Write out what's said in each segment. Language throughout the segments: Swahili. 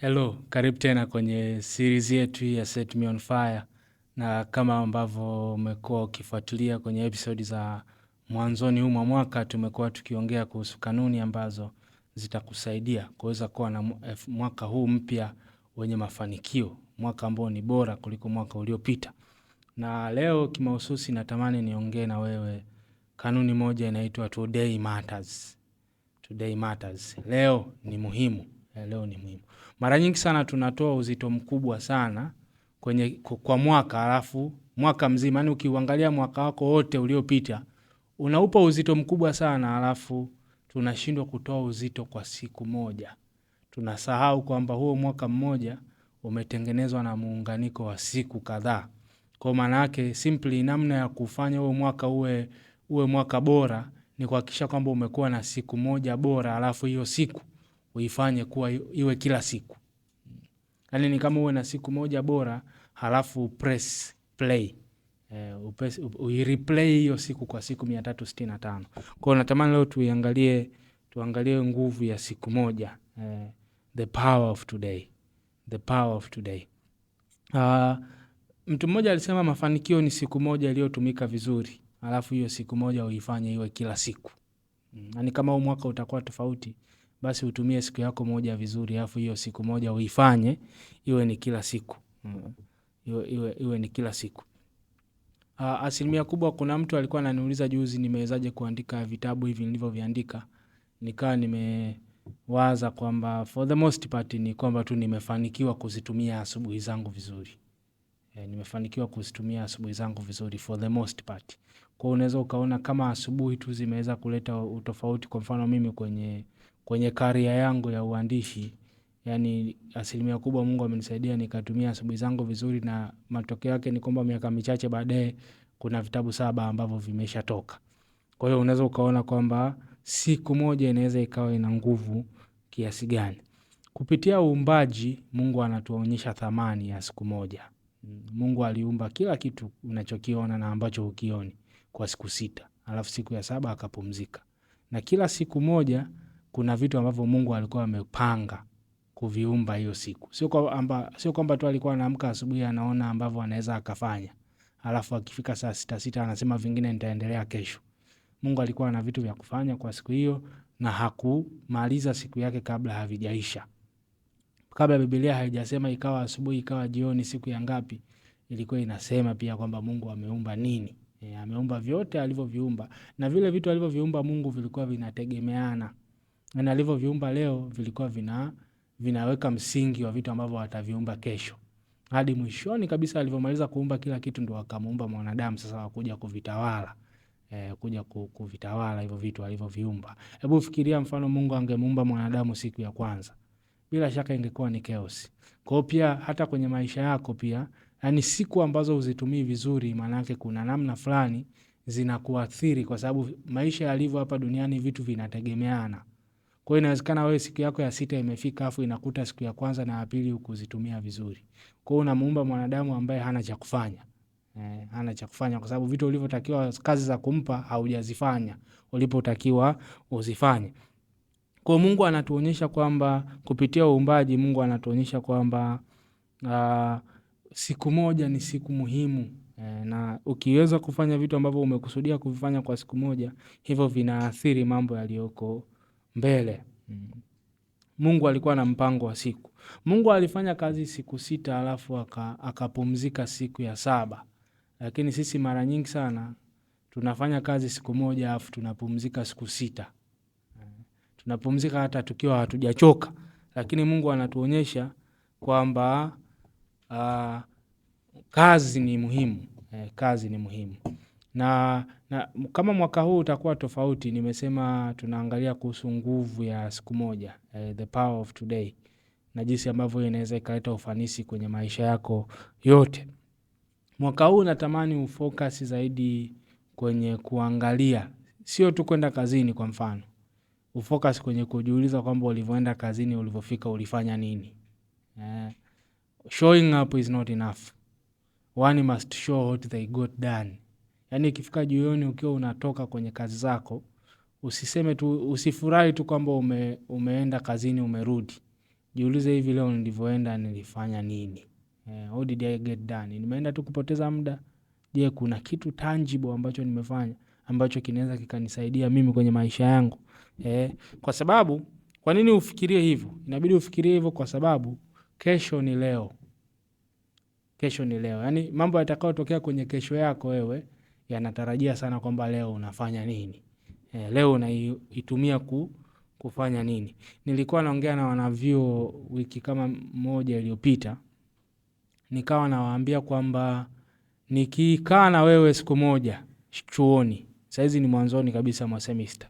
Hello, karibu tena kwenye series yetu ya Set Me On Fire, na kama ambavyo umekuwa ukifuatilia kwenye episodi za mwanzoni huu mwa mwaka, tumekuwa tukiongea kuhusu kanuni ambazo zitakusaidia kuweza kuwa na eh, mwaka huu mpya wenye mafanikio, mwaka ambao ni bora kuliko mwaka uliopita. Na leo kimahususi, natamani niongee na wewe kanuni moja inaitwa Today Matters. Today Matters. Leo ni muhimu. Eh, leo ni muhimu. Mara nyingi sana tunatoa uzito mkubwa sana kwenye kwa mwaka, alafu mwaka mzima, yani ukiuangalia mwaka wako wote uliopita unaupa uzito mkubwa sana, alafu tunashindwa kutoa uzito kwa siku moja. Tunasahau kwamba huo mwaka mmoja umetengenezwa na muunganiko wa siku kadhaa. Kwa maana yake simply, namna ya kufanya huo mwaka uwe uwe mwaka bora ni kuhakikisha kwamba umekuwa na siku moja bora, alafu hiyo siku uifanye kuwa iwe kila siku, Yani ni kama uwe na siku moja bora, halafu press play eh, uireplay uh, hiyo siku kwa siku mia tatu sitini na tano. Kwa hiyo natamani leo tuiangalie, tuangalie nguvu ya siku moja uh, the power of today, the power of today. Uh, mtu mmoja alisema mafanikio ni siku moja iliyotumika vizuri, alafu hiyo siku moja uifanye iwe kila siku, hmm, yaani kama huu mwaka utakuwa tofauti basi utumie siku yako moja vizuri, alafu hiyo siku moja uifanye iwe ni kila siku mm. iwe, iwe, iwe ni kila siku. Uh, asilimia kubwa, kuna mtu alikuwa ananiuliza juzi, nimewezaje kuandika vitabu hivi nilivyoviandika, nikawa nimewaza kwamba for the most part ni kwamba tu nimefanikiwa kuzitumia asubuhi zangu vizuri e, nimefanikiwa kuzitumia asubuhi zangu vizuri for the most part. Kwa unaweza ukaona kama asubuhi tu zimeweza kuleta utofauti, kwa mfano mimi kwenye kwenye karia yangu ya uandishi, yani asilimia kubwa Mungu amenisaidia nikatumia asubuhi zangu vizuri, na matokeo yake ni kwamba miaka michache baadaye kuna vitabu saba ambavyo vimeshatoka. Kwa hiyo unaweza ukaona kwamba siku moja inaweza ikawa ina nguvu kiasi gani. Kupitia uumbaji, Mungu anatuonyesha thamani ya siku moja. Mungu aliumba kila kitu unachokiona na ambacho ukioni kwa siku sita, alafu siku ya saba akapumzika, na kila siku moja kuna vitu ambavyo Mungu alikuwa amepanga kuviumba hiyo siku. Sio kwamba sio kwamba tu alikuwa anaamka asubuhi anaona ambavyo anaweza akafanya, alafu akifika saa sita sita anasema vingine nitaendelea kesho. Mungu alikuwa na vitu vya kufanya kwa siku hiyo na hakumaliza siku yake kabla havijaisha, kabla Biblia haijasema ikawa asubuhi ikawa jioni siku ya ngapi. Ilikuwa inasema pia kwamba Mungu ameumba nini? E, ameumba vyote alivyoviumba, na vile vitu alivyoviumba Mungu vilikuwa vinategemeana na alivyoviumba leo vilikuwa vina, vinaweka msingi wa vitu ambavyo wataviumba kesho hadi mwishoni kabisa alivyomaliza kuumba kila kitu ndo akamuumba mwanadamu sasa wakuja kuvitawala e, kuja kuvitawala hivyo vitu alivyoviumba. Hebu fikiria mfano Mungu angemuumba mwanadamu siku ya kwanza, bila shaka ingekuwa ni chaos. Kwa pia hata kwenye maisha yako pia, yani siku ambazo uzitumii vizuri, maanake kuna namna fulani zinakuathiri, kwa sababu maisha yalivyo hapa duniani vitu vinategemeana. Kwa hiyo inawezekana wewe siku yako ya sita imefika, afu inakuta siku ya kwanza na ya pili hukuzitumia vizuri. Kwa hiyo unamuumba mwanadamu ambaye hana cha kufanya. Eh, hana cha kufanya kwa sababu vitu ulivyotakiwa kazi za kumpa haujazifanya ulipotakiwa uzifanye. Kwa hiyo Mungu anatuonyesha kwamba kupitia uumbaji Mungu anatuonyesha kwamba uh, siku moja ni siku muhimu eh, na ukiweza kufanya vitu ambavyo umekusudia kuvifanya kwa siku moja, hivyo vinaathiri mambo yaliyoko mbele. Mungu alikuwa na mpango wa siku. Mungu alifanya kazi siku sita, alafu akapumzika aka siku ya saba, lakini sisi mara nyingi sana tunafanya kazi siku moja alafu tunapumzika siku sita. Tunapumzika hata tukiwa hatujachoka, lakini Mungu anatuonyesha kwamba ah, kazi ni muhimu eh, kazi ni muhimu na na kama mwaka huu utakuwa tofauti, nimesema tunaangalia kuhusu nguvu ya siku moja, eh, the power of today, na jinsi ambavyo inaweza ikaleta ufanisi kwenye maisha yako yote. Mwaka huu natamani ufocus zaidi kwenye kuangalia, sio tu kwenda kazini kwa mfano, ufocus kwenye kujiuliza kwamba ulivyoenda kazini, ulivyofika, ulifanya nini? Eh, showing up is not enough. One must show what they got done. Yaani ikifika jioni ukiwa unatoka kwenye kazi zako, usiseme tu, usifurahi tu kwamba ume, umeenda kazini umerudi. Jiulize hivi leo nilivyoenda nilifanya nini? Eh, how did I get done? Nimeenda tu kupoteza muda. Je, kuna kitu tangible ambacho nimefanya ambacho kinaweza kikanisaidia mimi kwenye maisha yangu. Eh, kwa sababu, kwa nini ufikirie hivyo? Inabidi ufikirie hivyo kwa sababu kesho ni leo. Kesho ni leo. Yaani mambo yatakayotokea kwenye kesho yako wewe yanatarajia sana kwamba leo unafanya nini e, leo unaitumia ku, kufanya nini. Nilikuwa naongea na wanavyuo wiki kama moja iliyopita, nikawa nawaambia kwamba nikikaa na wewe siku moja chuoni, sahizi ni mwanzoni kabisa mwa semista,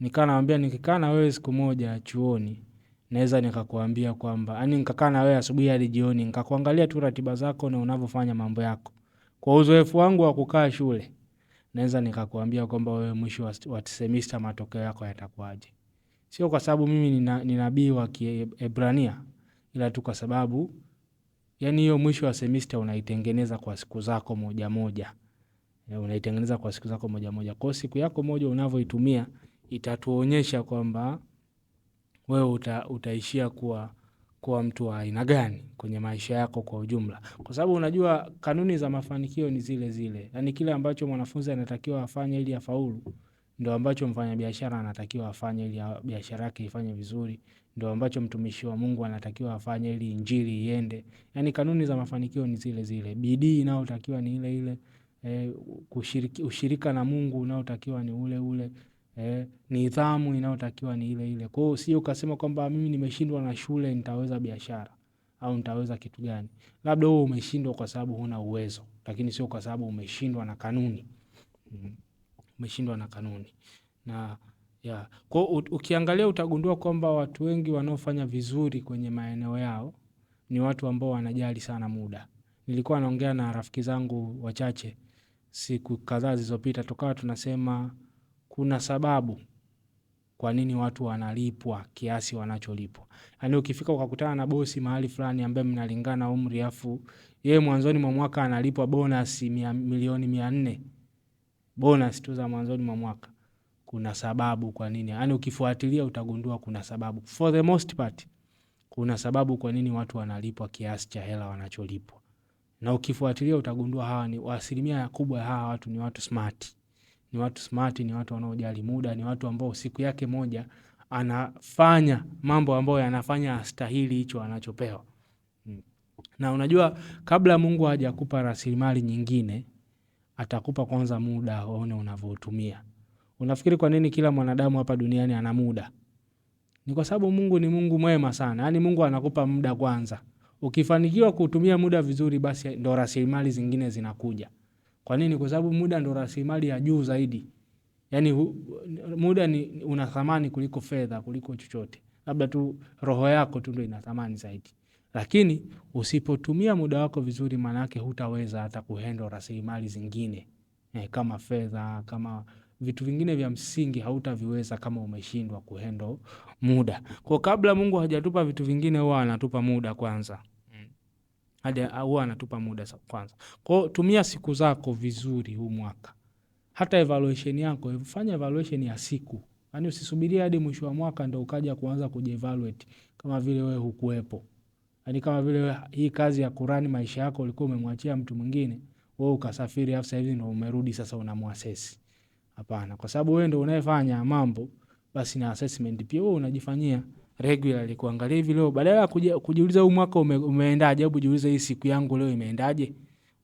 nikawa nawambia nikikaa na wewe siku moja chuoni naweza nikakuambia kwamba yani, nikakaa na wewe asubuhi hadi jioni, nikakuangalia tu ratiba zako na unavyofanya mambo yako kwa uzoefu wangu wa kukaa shule, naweza nikakuambia kwamba wewe mwisho wa semista matokeo yako yatakuwaje. Sio kwa sababu mimi ni nabii wa Kiebrania, ila tu kwa sababu yani hiyo mwisho wa semista unaitengeneza kwa siku zako moja moja, eh, unaitengeneza kwa siku zako moja moja. Kwa siku yako moja unavyoitumia itatuonyesha kwamba wewe uta, utaishia kuwa kuwa mtu wa aina gani kwenye maisha yako kwa ujumla, kwa sababu unajua kanuni za mafanikio ni zile zile, yaani kile ambacho mwanafunzi anatakiwa afanye ili afaulu ndo ambacho mfanyabiashara anatakiwa afanye ili biashara yake ifanye vizuri, ndo ambacho mtumishi wa Mungu anatakiwa afanye ili injili iende. Yani kanuni za mafanikio ni zile zile, bidii inayotakiwa ni ile ile, e, kushiriki, ushirika na Mungu unaotakiwa ni ule ule eh, nidhamu inayotakiwa ni ile ile. Kwa hiyo sio ukasema kwamba mimi nimeshindwa na shule nitaweza biashara au nitaweza kitu gani. Labda wewe umeshindwa kwa sababu huna uwezo, lakini sio kwa sababu umeshindwa na kanuni. Mm-hmm. Umeshindwa na kanuni. Na ya, kwa ukiangalia utagundua kwamba watu wengi wanaofanya vizuri kwenye maeneo yao ni watu ambao wanajali sana muda. Nilikuwa naongea na rafiki zangu wachache siku kadhaa zilizopita tukawa tunasema kuna sababu kwa nini watu wanalipwa kiasi wanacholipwa. Yaani ukifika ukakutana na bosi mahali fulani ambaye mnalingana umri afu yeye mwanzoni mwa mwaka analipwa bonus mia, milioni mia nne bonus tu za mwanzoni mwa mwaka, kuna sababu kwa nini. Yaani ukifuatilia utagundua kuna sababu, for the most part kuna sababu kwa nini watu wanalipwa kiasi cha hela wanacholipwa, na ukifuatilia utagundua hawa ni asilimia kubwa, ya hawa watu ni watu smart ni watu smart, ni watu wanaojali muda, ni watu ambao siku yake moja anafanya mambo ambayo yanafanya astahili hicho anachopewa. Hmm. Na unajua kabla Mungu hajakupa rasilimali nyingine, atakupa kwanza muda, waone unavyotumia. Unafikiri kwa nini kila mwanadamu hapa duniani ana muda? Ni kwa sababu Mungu ni Mungu mwema sana, yaani Mungu anakupa muda kwanza. Ukifanikiwa kutumia muda vizuri, basi ndo rasilimali zingine zinakuja. Kwa nini? Kwa sababu muda ndo rasilimali ya juu zaidi. yani muda ni una thamani kuliko fedha, kuliko chochote. Labda tu roho yako tu ndo ina thamani zaidi. Lakini usipotumia muda wako vizuri maana hutaweza hata kuhendwa rasilimali zingine eh, kama fedha, kama vitu vingine vya msingi hautaviweza kama umeshindwa kuhandle muda. Kwa kabla Mungu hajatupa vitu vingine huwa anatupa muda kwanza huwa anatupa muda sa kwanza. kwao. tumia siku zako vizuri huu mwaka. Hata evaluation yako, fanya evaluation ya siku. Yaani usisubirie hadi mwisho wa mwaka ndo ukaja kuanza kujievaluate kama vile wewe hukuwepo. Yaani kama vile hii kazi ya kurani maisha yako ulikuwa umemwachia mtu mwingine, wewe ukasafiri afu sahivi ndo umerudi sasa unamwasesi. Hapana, kwa sababu wewe ndo unayefanya mambo, basi na assessment pia wewe unajifanyia regularly kuangalia hivi leo, badala ya kujiuliza huu mwaka ume, umeendaje, hebu jiulize hii siku yangu leo imeendaje.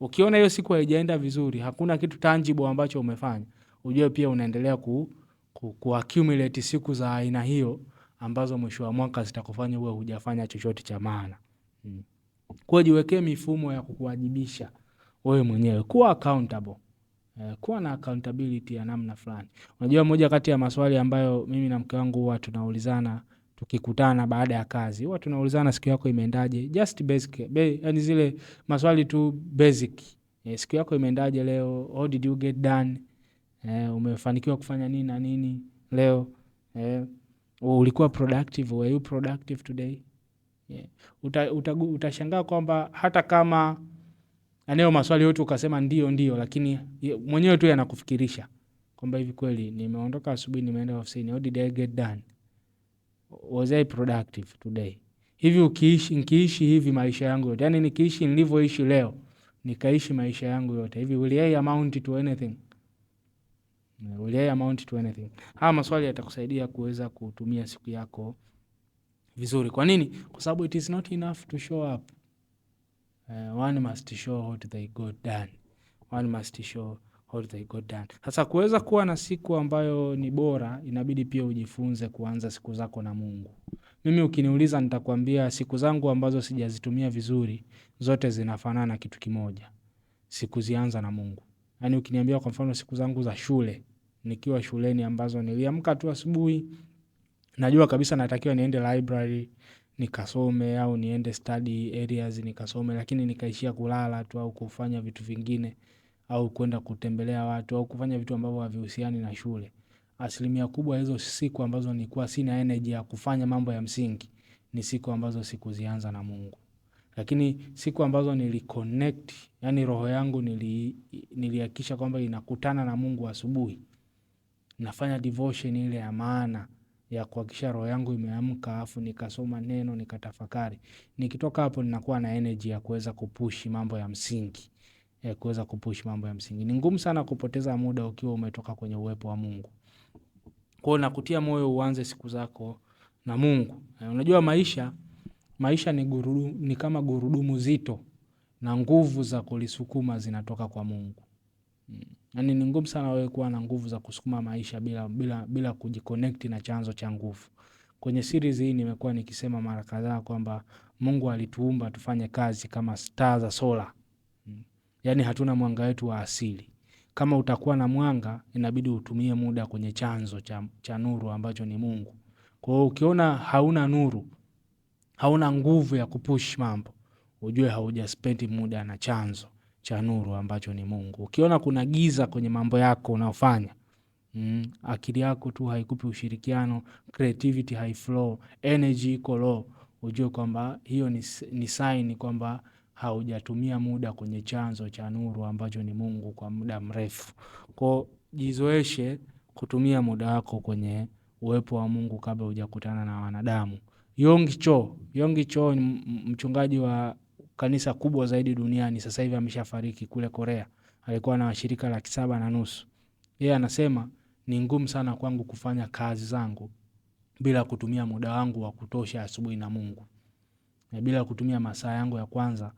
Ukiona hiyo siku haijaenda vizuri, hakuna kitu tangible ambacho umefanya, ujue pia unaendelea ku, ku, ku accumulate siku za aina hiyo ambazo mwisho wa mwaka zitakufanya uwe hujafanya chochote cha maana. Hmm. Kwa jiwekee mifumo ya kukuwajibisha wewe mwenyewe, kuwa accountable. Uh, kuwa na accountability ya namna fulani. Unajua moja kati ya maswali ambayo mimi na mke wangu huwa tunaulizana tukikutana baada ya kazi huwa tunaulizana siku yako imeendaje, just basic be, yani zile maswali tu basic e, siku yako imeendaje leo, how did you get done e, umefanikiwa kufanya nini na nini leo e, ulikuwa productive, were you productive today yeah. Uta, uta, utashangaa kwamba hata kama anayo maswali yote ukasema ndio ndio, lakini mwenyewe tu yanakufikirisha kwamba hivi kweli nimeondoka asubuhi nimeenda ofisini, how did I get done was I productive today? Hivi ukiishi, nikiishi hivi maisha yangu yote, yani nikiishi nilivyoishi leo, nikaishi maisha yangu yote hivi, will I amount to anything? Will I amount to anything? Haya maswali yatakusaidia kuweza kutumia siku yako vizuri. Kwa nini? Kwa sababu it is not enough to show up. Uh, one must show what they got done. One must show holiday got done. Sasa kuweza kuwa na siku ambayo ni bora, inabidi pia ujifunze kuanza siku zako na Mungu. Mimi ukiniuliza, nitakwambia siku zangu ambazo sijazitumia vizuri zote zinafanana kitu kimoja, sikuzianza na Mungu. Yani ukiniambia kwa mfano siku zangu za shule, nikiwa shuleni ambazo niliamka tu asubuhi, najua kabisa natakiwa niende library nikasome au niende study areas nikasome, lakini nikaishia kulala tu au kufanya vitu vingine au kwenda kutembelea watu au kufanya vitu ambavyo havihusiani na shule. Asilimia kubwa hizo siku ambazo nilikuwa sina energy ya kufanya mambo ya msingi ni siku ambazo sikuzianza na Mungu. Lakini siku ambazo niliconnect, yani roho yangu nilihakikisha kwamba inakutana na Mungu asubuhi. Nafanya devotion ile ya maana ya kuhakikisha roho yangu imeamka afu nikasoma neno nikatafakari. Nikitoka hapo ninakuwa na energy ya kuweza kupushi mambo ya msingi ya kuweza kupush mambo ya msingi. Ni ngumu sana kupoteza muda ukiwa umetoka kwenye uwepo wa Mungu. Kwa hiyo nakutia moyo uanze siku zako na Mungu. Eh, unajua maisha maisha ni, guru, ni kama gurudumu zito na nguvu za kulisukuma zinatoka kwa Mungu. Hmm. Yaani ni ngumu sana wewe kuwa na nguvu za kusukuma maisha bila, bila, bila kujiconnect na chanzo cha nguvu. Kwenye series hii nimekuwa nikisema mara kadhaa kwamba Mungu alituumba tufanye kazi kama staa za sola yaani hatuna mwanga wetu wa asili. Kama utakuwa na mwanga, inabidi utumie muda kwenye chanzo cha, cha nuru ambacho ni Mungu. Kwa hiyo ukiona hauna nuru, hauna nguvu ya kupush mambo, ujue haujaspendi muda na chanzo cha nuru ambacho ni Mungu. Ukiona kuna giza kwenye mambo yako unaofanya mm, akili yako tu haikupi ushirikiano, creativity haiflow, energy iko low, ujue kwamba hiyo ni, ni saini kwamba haujatumia muda kwenye chanzo cha nuru ambacho ni Mungu kwa muda mrefu. Kwa jizoeshe kutumia muda wako kwenye uwepo wa Mungu kabla hujakutana na wanadamu. Yongi Cho, Yongi Cho ni mchungaji wa kanisa kubwa zaidi duniani, sasa hivi ameshafariki kule Korea. Alikuwa na washirika laki saba na nusu. Yeye anasema ni ngumu sana kwangu kufanya kazi zangu bila kutumia muda wangu wa kutosha asubuhi na Mungu na bila kutumia masaa yangu ya kwanza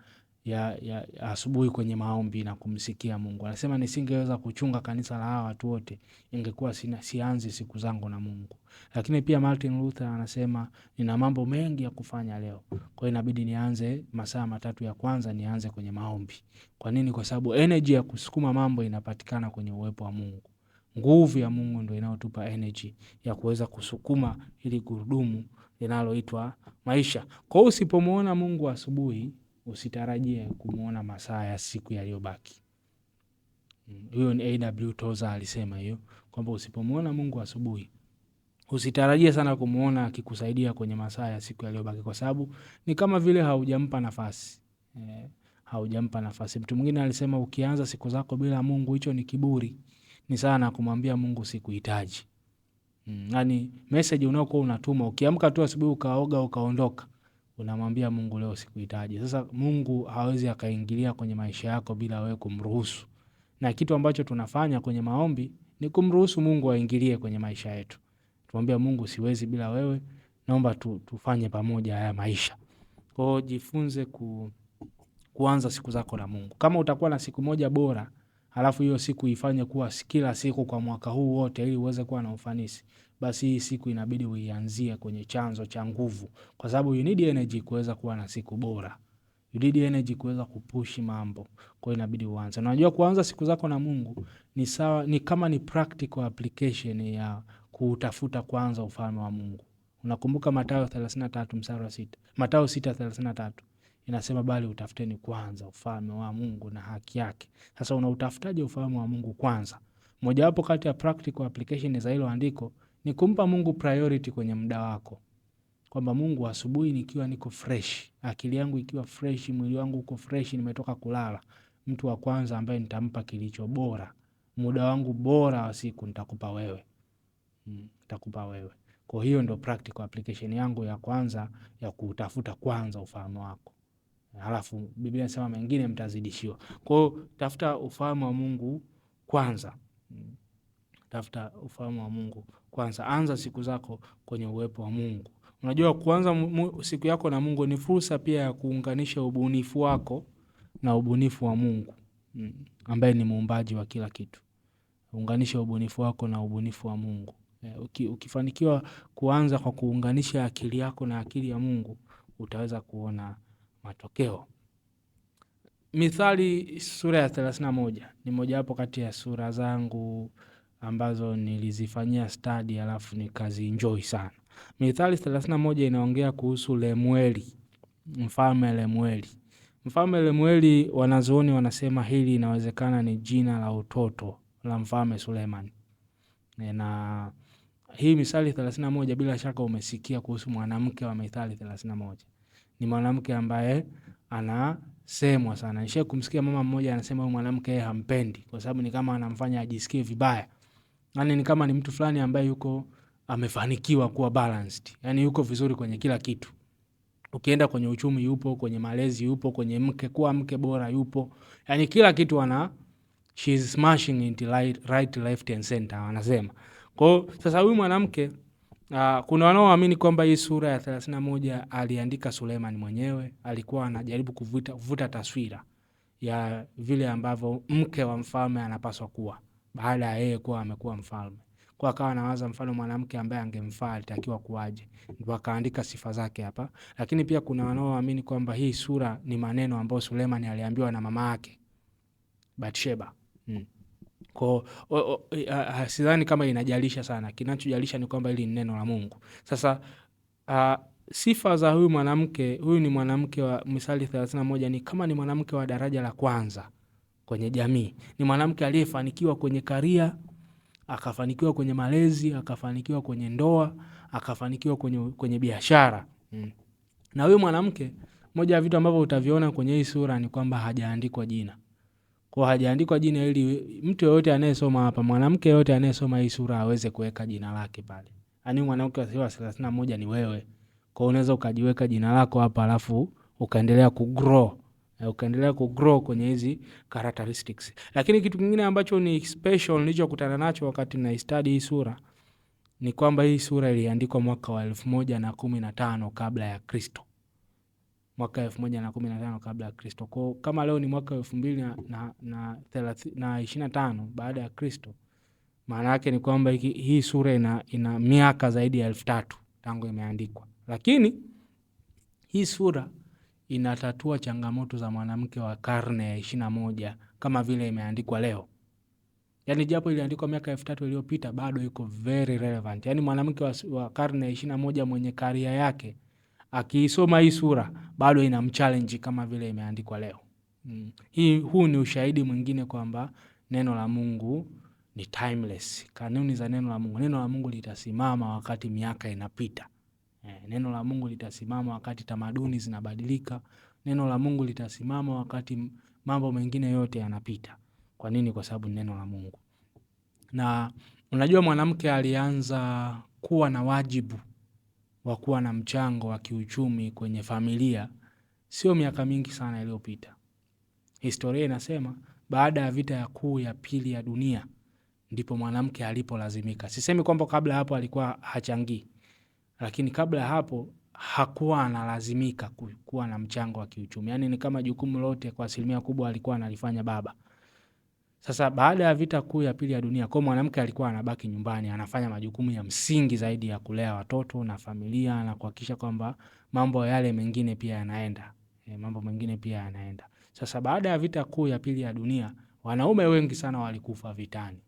ya, ya, asubuhi kwenye maombi na kumsikia Mungu. Anasema nisingeweza kuchunga kanisa la hawa watu wote, ingekuwa sianzi siku zangu na Mungu. Lakini pia Martin Luther anasema nina mambo mengi ya kufanya leo, kwa hiyo inabidi nianze masaa matatu ya kwanza nianze kwenye maombi. Kwa nini? Kwa sababu energy ya kusukuma mambo inapatikana kwenye uwepo wa Mungu. Nguvu ya Mungu ndio inayotupa energy ya kuweza kusukuma ili gurudumu linaloitwa maisha. Kwa hiyo usipomwona Mungu asubuhi, usitarajie kumwona masaa ya siku yaliyobaki. Huyo ni AW Toza alisema hiyo kwamba usipomwona Mungu asubuhi usitarajie sana kumwona akikusaidia kwenye masaa ya siku yaliyobaki, kwa sababu ni kama vile haujampa nafasi e, haujampa nafasi. Mtu mwingine alisema ukianza siku zako bila Mungu, hicho ni kiburi ni sawa na kumwambia Mungu sikuhitaji. Mm, yaani message unayokuwa unatuma ukiamka tu asubuhi ukaoga ukaondoka unamwambia Mungu leo sikuhitaji. Sasa Mungu hawezi akaingilia kwenye maisha yako bila wewe kumruhusu. Na kitu ambacho tunafanya kwenye maombi ni kumruhusu Mungu aingilie kwenye maisha yetu. Tumwambia Mungu siwezi bila wewe, naomba tu, tufanye pamoja haya maisha. Kwa hiyo jifunze ku, kuanza siku zako na Mungu. Kama utakuwa na siku moja bora alafu hiyo siku ifanye kuwa kila siku kwa mwaka huu wote, ili uweze kuwa na ufanisi, basi hii siku inabidi uianzie kwenye chanzo cha nguvu, kwa sababu you need energy kuweza kuwa na siku bora, you need energy kuweza kupushi mambo. Kwa hiyo inabidi uanze, unajua kuanza siku zako na Mungu ni sawa, ni kama ni practical application ya kuutafuta kwanza ufalme wa Mungu. Unakumbuka Mathayo 33 mstari wa 6, Mathayo 6:33 inasema bali utafuteni kwanza ufalme wa Mungu na haki yake. Sasa unautafutaje ufalme wa Mungu kwanza? Mojawapo kati ya practical application za hilo andiko ni kumpa Mungu priority kwenye muda wako, kwamba Mungu, asubuhi nikiwa niko fresh, akili yangu ikiwa fresh, mwili wangu uko fresh, nimetoka kulala, mtu wa kwanza ambaye nitampa kilicho bora, muda wangu bora wa siku nitakupa wewe, hmm, nitakupa wewe. Kwa hiyo ndio practical application yangu ya kwanza ya kuutafuta kwanza ufahamu wako halafu Biblia inasema mengine mtazidishiwa. Kwa hiyo tafuta ufahamu wa Mungu kwanza, tafuta ufahamu wa Mungu kwanza, anza siku zako kwenye uwepo wa Mungu. Unajua, kuanza siku yako na Mungu ni fursa pia ya kuunganisha ubunifu wako na ubunifu wa Mungu mm, ambaye ni muumbaji wa kila kitu. Unganisha ubunifu wako na ubunifu wa Mungu. Eh, uki, ukifanikiwa kuanza kwa kuunganisha akili yako na akili ya Mungu utaweza kuona matokeo. Mithali sura ya thelathini na moja ni mojawapo kati ya sura zangu ambazo nilizifanyia stadi alafu nikazienjoy sana. Mithali thelathini na moja inaongea kuhusu Lemueli, mfalme Lemueli. Mfalme Lemueli, wanazuoni wanasema hili inawezekana ni jina la utoto la mfalme Suleiman. Na hii Mithali 31 bila shaka umesikia kuhusu mwanamke wa Mithali 31 ni mwanamke ambaye anasemwa sana. Nishe kumsikia mama mmoja anasema huyu mwanamke yeye hampendi kwa sababu ni kama anamfanya ajisikie vibaya. Yaani ni kama ni mtu fulani ambaye yuko amefanikiwa kuwa balanced. Yaani yuko vizuri kwenye kila kitu. Ukienda kwenye uchumi yupo, kwenye malezi yupo, kwenye mke kuwa mke bora yupo. Yaani kila kitu ana she is smashing into right, right left and center wanasema. Kwa sasa huyu mwanamke Uh, kuna wanaoamini kwamba hii sura ya 31 aliandika Suleiman mwenyewe, alikuwa anajaribu kuvuta vuta taswira ya vile ambavyo mke wa mfalme anapaswa kuwa baada ya yeye kuwa amekuwa mfalme. Kwa akawa anawaza mfano mwanamke ambaye angemfaa alitakiwa kuwaje, ndipo akaandika sifa zake hapa. Lakini pia kuna wanaoamini kwamba hii sura ni maneno ambayo Suleiman aliambiwa na mama yake Bathsheba. Hmm. Kwa sidhani kama inajalisha sana, kinachojalisha ni kwamba hili ni neno la Mungu. Sasa a, sifa za huyu mwanamke, huyu ni mwanamke wa Mithali 31 ni kama ni mwanamke wa daraja la kwanza kwenye jamii, ni mwanamke aliyefanikiwa kwenye karia, akafanikiwa kwenye malezi, akafanikiwa kwenye ndoa, akafanikiwa kwenye, kwenye biashara mm. Na huyu mwanamke, moja ya vitu ambavyo utaviona kwenye hii sura ni kwamba hajaandikwa jina kwa hajaandikwa jina ili mtu yoyote anayesoma hapa, mwanamke yoyote anayesoma hii sura aweze kuweka jina lake pale. Yaani mwanamke wa sura ya thelathini na moja ni wewe. Kwa unaweza ukajiweka jina lako hapa alafu ukaendelea kugrow eh, ukaendelea kugrow kwenye hizi characteristics. Lakini kitu kingine ambacho ni special nilichokutana nacho wakati na study hii sura ni kwamba hii sura iliandikwa mwaka wa elfu moja na kumi na tano kabla ya Kristo mwaka elfu moja na kumi na tano kabla ya Kristo. Kwao kama leo ni mwaka elfu mbili na, na, na ishirini na tano baada ya Kristo, maana yake ni kwamba hii sura ina, ina miaka zaidi ya elfu tatu tangu imeandikwa, lakini hii sura inatatua changamoto za mwanamke wa karne ya ishirini na moja kama vile imeandikwa leo. Yani japo iliandikwa miaka elfu tatu iliyopita bado iko very relevant. Yaani mwanamke wa, wa karne ya ishirini na moja mwenye karia yake akiisoma hii sura bado ina mchallenji kama vile imeandikwa leo. Hmm. Hii, huu ni ushahidi mwingine kwamba neno la Mungu ni timeless. Kanuni za neno la Mungu, neno la Mungu litasimama wakati miaka inapita. Eh, neno la Mungu litasimama wakati tamaduni zinabadilika. Neno la Mungu litasimama wakati mambo mengine yote yanapita. Kwa nini? Kwa sababu neno la Mungu. Na unajua mwanamke alianza kuwa na wajibu wa kuwa na mchango wa kiuchumi kwenye familia sio miaka mingi sana iliyopita. Historia inasema baada ya vita ya kuu ya pili ya dunia ndipo mwanamke alipolazimika. Sisemi kwamba kabla hapo alikuwa hachangii, lakini kabla hapo hakuwa analazimika kuwa na mchango wa kiuchumi, yaani ni kama jukumu lote kwa asilimia kubwa alikuwa analifanya baba. Sasa baada ya vita kuu ya pili ya dunia, kwa mwanamke alikuwa anabaki nyumbani, anafanya majukumu ya msingi zaidi ya kulea watoto na familia na kuhakikisha kwamba mambo yale mengine pia yanaenda e, mambo mengine pia yanaenda. Sasa baada ya vita kuu ya pili ya dunia, wanaume wengi sana walikufa vitani.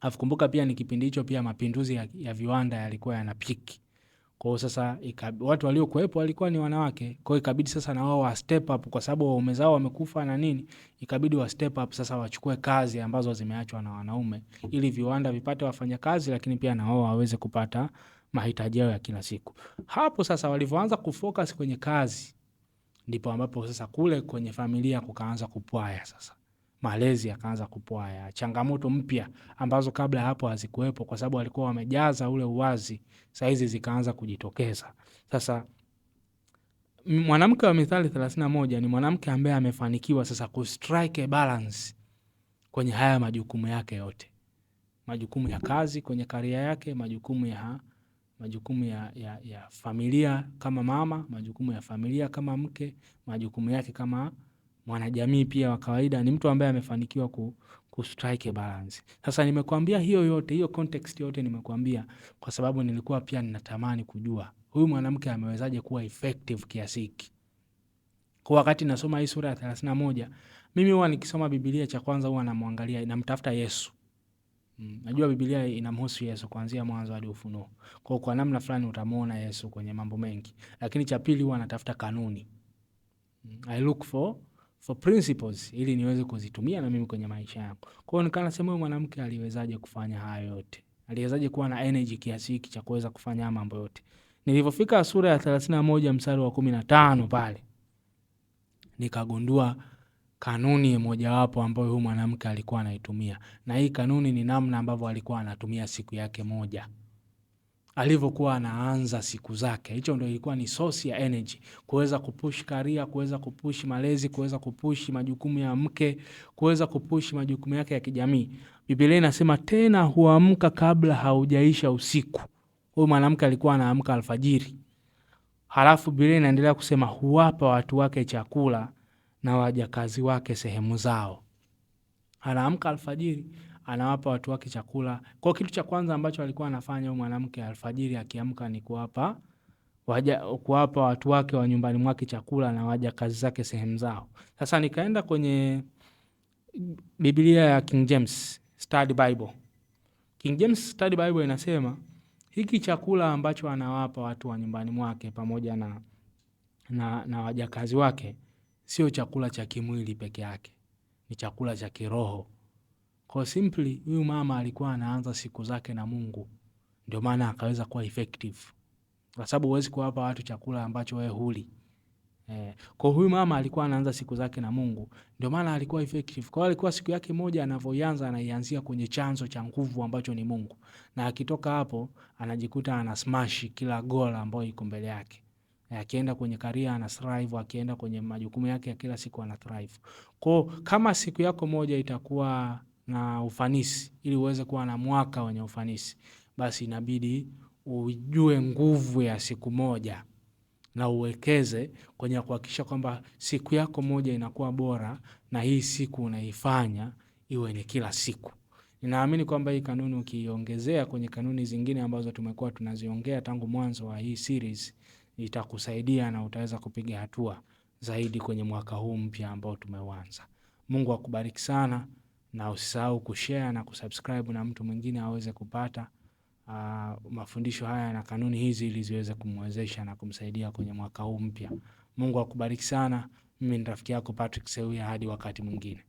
Afu kumbuka pia ni kipindi hicho pia mapinduzi ya, ya viwanda yalikuwa yana piki kwao sasa ikab, watu waliokuwepo walikuwa ni wanawake, kwao ikabidi sasa na wao wa step up, kwa sababu waume zao wamekufa na nini, ikabidi wa step up sasa wachukue kazi ambazo zimeachwa na wanaume, ili viwanda vipate wafanyakazi, lakini pia na wao waweze kupata mahitaji yao ya kila siku. Hapo sasa walivyoanza kufocus kwenye kazi, ndipo ambapo sasa kule kwenye familia kukaanza kupwaya sasa malezi yakaanza kupwaya, changamoto mpya ambazo kabla hapo hazikuwepo, kwa sababu walikuwa wamejaza ule uwazi, sahizi zikaanza kujitokeza. Sasa mwanamke wa Mithali thelathini na moja ni mwanamke ambaye amefanikiwa sasa kustrike balance kwenye haya majukumu yake yote, majukumu ya kazi kwenye karia yake, majukumu ya majukumu ya, ya, ya familia kama mama, majukumu ya familia kama mke, majukumu yake kama mwanajamii pia wa kawaida, ni mtu ambaye amefanikiwa ku, kustrike a balance. Sasa nimekuambia hiyo yote, hiyo context yote nimekuambia kwa sababu nilikuwa pia ninatamani kujua huyu mwanamke amewezaje kuwa effective kiasi hiki. Kwa wakati nasoma hii sura ya 31, mimi huwa nikisoma Biblia cha kwanza huwa namwangalia namtafuta Yesu. Mm, najua Biblia inamhusu Yesu kuanzia mwanzo hadi Ufunuo. Kwa kwa namna fulani utamwona Yesu kwenye mambo mengi. Lakini cha pili huwa natafuta kanuni. Mm, I look for for principles ili niweze kuzitumia na mimi kwenye maisha yangu. Kwa hiyo nikaa nasema huyu mwanamke aliwezaje kufanya haya yote? Aliwezaje kuwa na energy kiasi hiki cha kuweza kufanya haya mambo yote? Nilivyofika sura ya thelathini na moja mstari wa kumi na tano pale nikagundua kanuni mojawapo ambayo huyu mwanamke alikuwa anaitumia, na hii kanuni ni namna ambavyo alikuwa anatumia siku yake moja alivyokuwa anaanza siku zake. Hicho ndio ilikuwa ni source ya energy, kuweza kupush karia, kuweza kupush malezi, kuweza kupush majukumu ya mke, kuweza kupush majukumu yake ya kijamii. Biblia inasema tena huamka kabla haujaisha usiku. Huyu mwanamke alikuwa anaamka alfajiri, halafu Biblia inaendelea kusema huwapa watu wake chakula na wajakazi wake sehemu zao. Anaamka alfajiri anawapa watu wake chakula. Kwa kitu cha kwanza ambacho alikuwa anafanya huyu mwanamke alfajiri akiamka ni kuwapa waja kuwapa watu wake wa nyumbani mwake chakula na waja kazi zake sehemu zao. Sasa nikaenda kwenye Biblia ya King James Study Bible. King James Study Bible inasema hiki chakula ambacho anawapa watu wa nyumbani mwake pamoja na, na, na wajakazi wake sio chakula cha kimwili peke yake, ni chakula cha kiroho. Kwa simply huyu mama alikuwa anaanza siku zake na Mungu, ndio maana akaweza kuwa effective, kwa sababu huwezi kuwapa watu chakula ambacho wewe huli. Eh, kwa huyu mama alikuwa anaanza siku zake na Mungu, ndio maana alikuwa effective. Kwa hiyo alikuwa siku yake moja anavyoianza, anaianzia kwenye chanzo cha nguvu ambacho ni Mungu, na akitoka hapo anajikuta ana smash kila goal ambayo iko mbele yake. Eh, akienda kwenye karia ana thrive, akienda kwenye majukumu yake ya kila siku ana thrive. Kwa kama siku yako moja itakuwa na ufanisi, ili uweze kuwa na mwaka wenye ufanisi, basi inabidi ujue nguvu ya siku moja na uwekeze kwenye kuhakikisha kwamba siku yako moja inakuwa bora, na hii siku unaifanya iwe ni kila siku. Ninaamini kwamba hii kanuni ukiiongezea kwenye kanuni zingine ambazo tumekuwa tunaziongea tangu mwanzo wa hii series itakusaidia na utaweza kupiga hatua zaidi kwenye mwaka huu mpya ambao tumeuanza. Mungu akubariki sana na usisahau kushare na kusubscribe na mtu mwingine aweze kupata uh, mafundisho haya na kanuni hizi ili ziweze kumwezesha na kumsaidia kwenye mwaka huu mpya. Mungu akubariki sana. Mimi ni rafiki yako Patrick Seuya, hadi wakati mwingine.